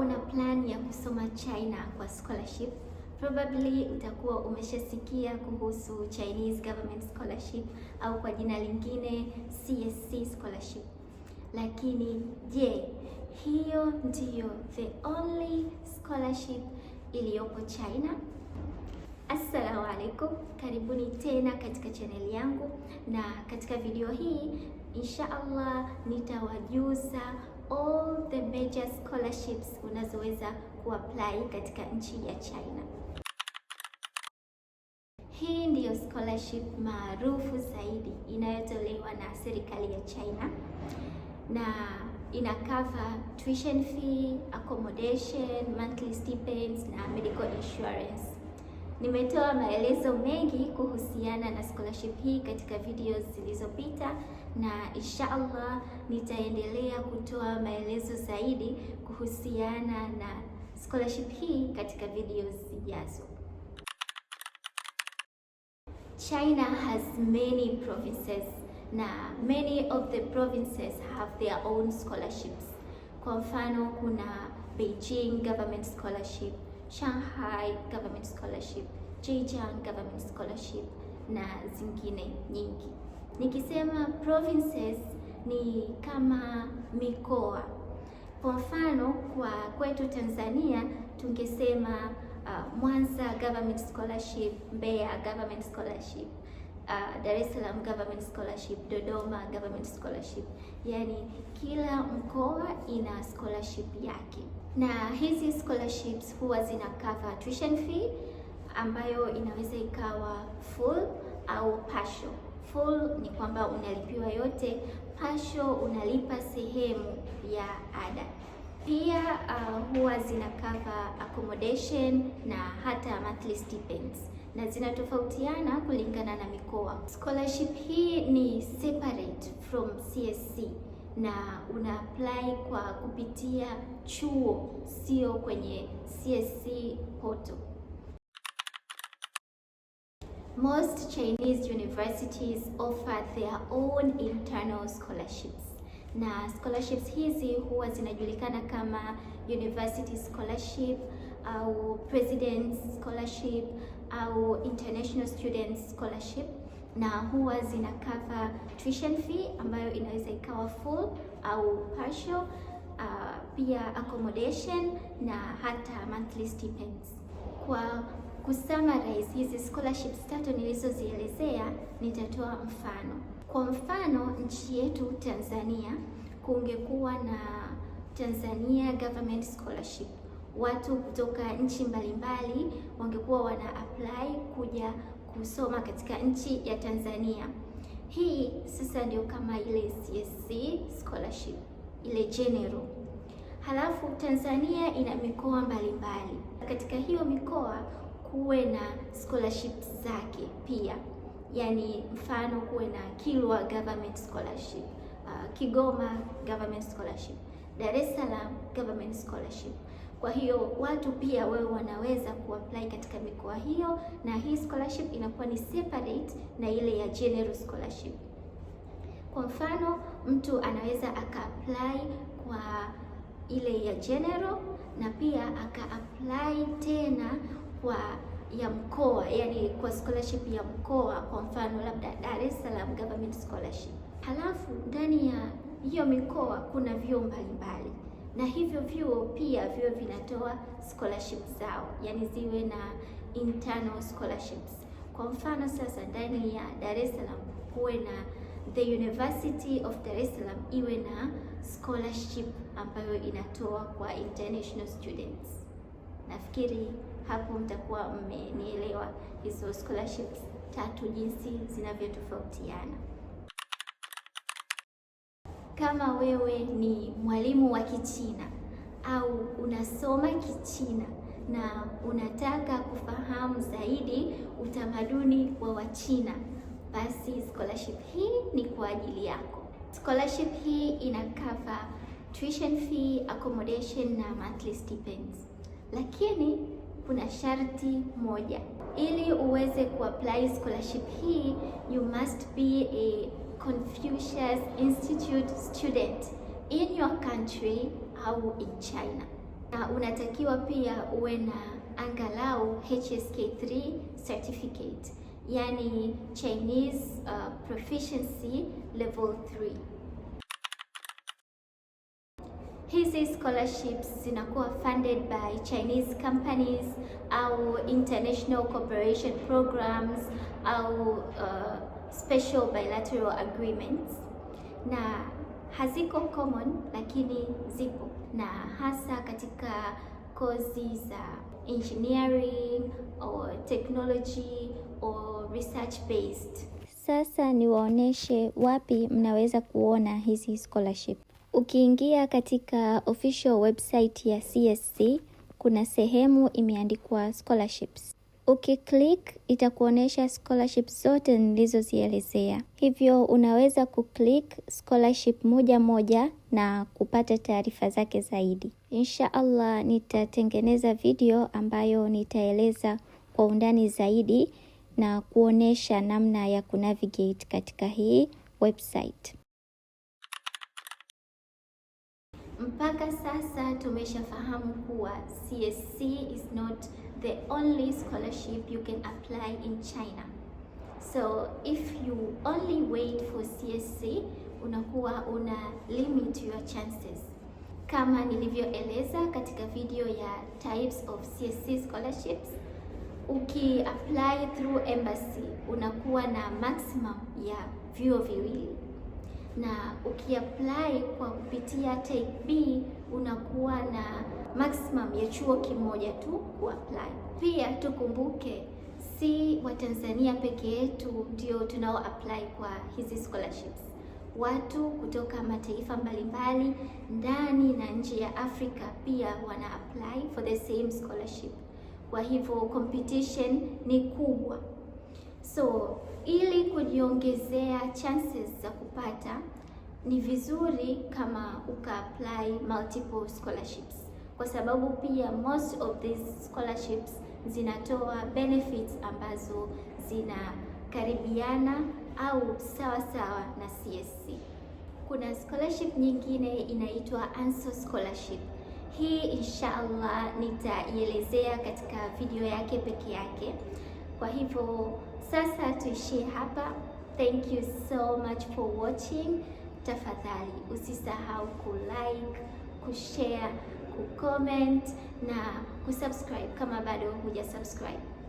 una plan ya kusoma China kwa scholarship, probably utakuwa umeshasikia kuhusu Chinese Government Scholarship au kwa jina lingine CSC scholarship. Lakini je, hiyo ndiyo the only scholarship iliyopo China? Assalamu alaikum, karibuni tena katika chaneli yangu, na katika video hii insha Allah nitawajuza all the major scholarships unazoweza kuapply katika nchi ya China. Hii ndiyo scholarship maarufu zaidi inayotolewa na serikali ya China na ina cover tuition fee, accommodation, monthly stipends na medical insurance. Nimetoa maelezo mengi kuhusiana na scholarship hii katika videos zilizopita na insha Allah nitaendelea kutoa maelezo zaidi kuhusiana na scholarship hii katika video zijazo. China has many provinces na many of the provinces have their own scholarships. Kwa mfano kuna Beijing government scholarship, Shanghai government scholarship, Zhejiang government scholarship na zingine nyingi. Nikisema provinces ni kama mikoa. Kwa mfano kwa kwetu Tanzania tungesema uh, Mwanza Government Scholarship, Mbeya Government Scholarship, uh, Dar es Salaam Government Scholarship, Dodoma Government Scholarship. Yaani kila mkoa ina scholarship yake, na hizi scholarships huwa zina cover tuition fee ambayo inaweza ikawa full au partial. Full ni kwamba unalipiwa yote, partial unalipa sehemu ya ada. Pia uh, huwa zina cover accommodation na hata monthly stipends na zinatofautiana kulingana na mikoa. Scholarship hii ni separate from CSC na una apply kwa kupitia chuo, sio kwenye CSC portal. Most Chinese universities offer their own internal scholarships na scholarships hizi huwa zinajulikana kama university scholarship au president scholarship au international student scholarship, na huwa zina cover tuition fee ambayo inaweza ikawa full au partial, uh, pia accommodation na hata monthly stipends kwa Kusummarize hizi scholarships tatu nilizozielezea, nitatoa mfano. Kwa mfano, nchi yetu Tanzania kungekuwa na Tanzania Government Scholarship, watu kutoka nchi mbalimbali wangekuwa wana apply kuja kusoma katika nchi ya Tanzania. Hii sasa ndio kama ile CSC scholarship ile general. Halafu Tanzania ina mikoa mbalimbali, katika hiyo mikoa kuwe na scholarships zake pia, yani mfano kuwe na Kilwa government scholarship, uh, Kigoma government scholarship, Dar es Salaam government scholarship. Kwa hiyo watu pia wewe wanaweza kuapply katika mikoa hiyo, na hii scholarship inakuwa ni separate na ile ya general scholarship. Kwa mfano mtu anaweza akaapply kwa ile ya general na pia akaapply tena kwa ya mkoa, yani kwa scholarship ya mkoa, kwa mfano labda Dar es Salaam Government Scholarship. Halafu ndani ya hiyo mikoa kuna vyuo mbalimbali, na hivyo vyuo pia vyuo vinatoa scholarship zao, yani ziwe na internal scholarships. Kwa mfano sasa, ndani ya Dar es Salaam kuwe na the University of Dar es Salaam iwe na scholarship ambayo inatoa kwa international students. Nafikiri hapo mtakuwa mmenielewa hizo scholarships tatu jinsi zinavyotofautiana. Kama wewe ni mwalimu wa Kichina au unasoma Kichina na unataka kufahamu zaidi utamaduni wa Wachina, basi scholarship hii ni kwa ajili yako. Scholarship hii ina cover tuition fee, accommodation na monthly stipends lakini kuna sharti moja. Ili uweze kuapply scholarship hii, you must be a Confucius Institute student in your country au in China, na unatakiwa pia uwe na angalau HSK3 certificate, yani Chinese uh, proficiency level 3 hizi scholarships zinakuwa funded by Chinese companies au international cooperation programs au uh, special bilateral agreements, na haziko common, lakini zipo na hasa katika kozi za engineering or technology or research based. Sasa niwaoneshe wapi mnaweza kuona hizi scholarship. Ukiingia katika official website ya CSC kuna sehemu imeandikwa scholarships. Ukiklik itakuonyesha scholarships zote nilizozielezea, hivyo unaweza kuklik scholarship moja moja na kupata taarifa zake zaidi. Insha Allah nitatengeneza video ambayo nitaeleza kwa undani zaidi na kuonesha namna ya kunavigate katika hii website. Mpaka sasa tumeshafahamu kuwa CSC is not the only scholarship you can apply in China. So if you only wait for CSC unakuwa una limit your chances. Kama nilivyoeleza katika video ya types of CSC scholarships, apply through embassy unakuwa na maximum ya vyuo viwili na ukiapply kwa kupitia type B unakuwa na maximum ya chuo kimoja tu kuapply. Pia tukumbuke si Watanzania peke yetu ndio tunao apply kwa hizi scholarships. Watu kutoka mataifa mbalimbali ndani na nje ya Afrika pia wana apply for the same scholarship. Kwa hivyo competition ni kubwa. So ili kujiongezea chances za kupata, ni vizuri kama uka apply multiple scholarships, kwa sababu pia most of these scholarships zinatoa benefits ambazo zinakaribiana au sawa sawa na CSC. Kuna scholarship nyingine inaitwa Anso scholarship. Hii inshallah nitaielezea katika video yake peke yake, kwa hivyo sasa tuishie hapa. Thank you so much for watching. Tafadhali usisahau kulike, kushare, comment na kusubscribe kama bado hujasubscribe.